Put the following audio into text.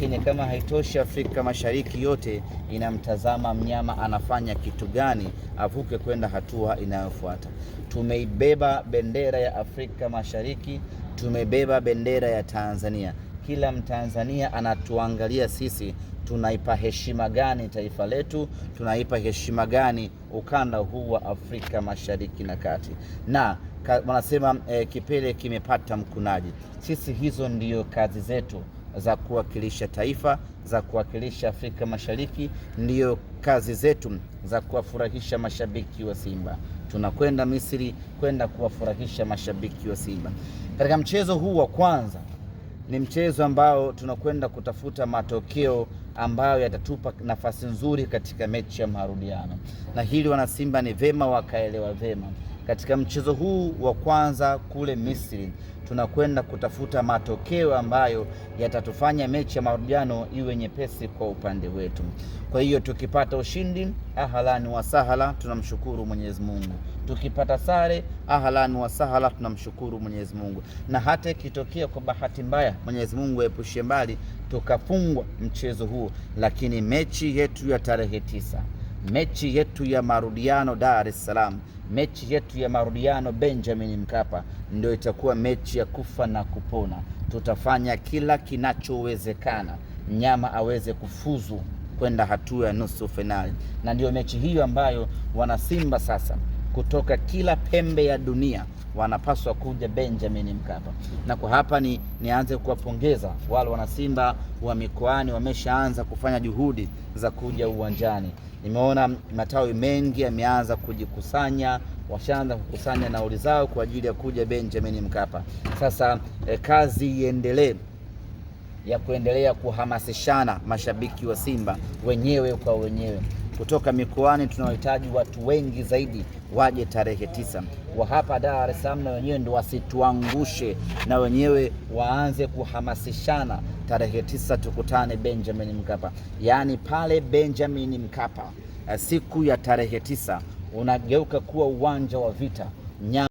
Lakini kama haitoshi, Afrika Mashariki yote inamtazama mnyama anafanya kitu gani avuke kwenda hatua inayofuata. Tumeibeba bendera ya Afrika Mashariki, tumebeba bendera ya Tanzania. Kila Mtanzania anatuangalia sisi, tunaipa heshima gani taifa letu? Tunaipa heshima gani ukanda huu wa Afrika Mashariki na Kati? Na wanasema eh, kipele kimepata mkunaji. Sisi hizo ndiyo kazi zetu za kuwakilisha taifa, za kuwakilisha Afrika Mashariki. Ndiyo kazi zetu za kuwafurahisha mashabiki wa Simba. Tunakwenda Misri kwenda kuwafurahisha mashabiki wa Simba. Katika mchezo huu wa kwanza, ni mchezo ambao tunakwenda kutafuta matokeo ambayo yatatupa nafasi nzuri katika mechi ya marudiano, na hili wanasimba ni vema wakaelewa vema katika mchezo huu wa kwanza kule Misri. Tunakwenda kutafuta matokeo ambayo yatatufanya mechi ya marudiano iwe nyepesi kwa upande wetu. Kwa hiyo tukipata ushindi, ahalani wa sahala, tunamshukuru Mwenyezi Mungu. Tukipata sare, ahalani wa sahala, tunamshukuru Mwenyezi Mungu. Na hata ikitokea kwa bahati mbaya, Mwenyezi Mungu aepushie mbali tukafungwa mchezo huo, lakini mechi yetu ya tarehe tisa mechi yetu ya marudiano Dar es Salaam, mechi yetu ya marudiano Benjamin Mkapa ndio itakuwa mechi ya kufa na kupona. Tutafanya kila kinachowezekana mnyama aweze kufuzu kwenda hatua ya nusu fainali, na ndiyo mechi hiyo ambayo wanasimba sasa kutoka kila pembe ya dunia wanapaswa kuja Benjamin Mkapa. Na kwa hapa ni nianze kuwapongeza wale wanasimba wa mikoani, wameshaanza kufanya juhudi za kuja uwanjani. Nimeona matawi mengi yameanza kujikusanya, washaanza kukusanya nauli zao kwa ajili ya kuja Benjamin Mkapa. Sasa eh, kazi iendelee ya kuendelea kuhamasishana mashabiki wa Simba wenyewe kwa wenyewe kutoka mikoani, tunawahitaji watu wengi zaidi waje tarehe tisa wa hapa Dar es Salaam, na wenyewe ndio wasituangushe, na wenyewe waanze kuhamasishana. Tarehe tisa tukutane Benjamin Mkapa, yaani pale Benjamin Mkapa siku ya tarehe tisa unageuka kuwa uwanja wa vita Nya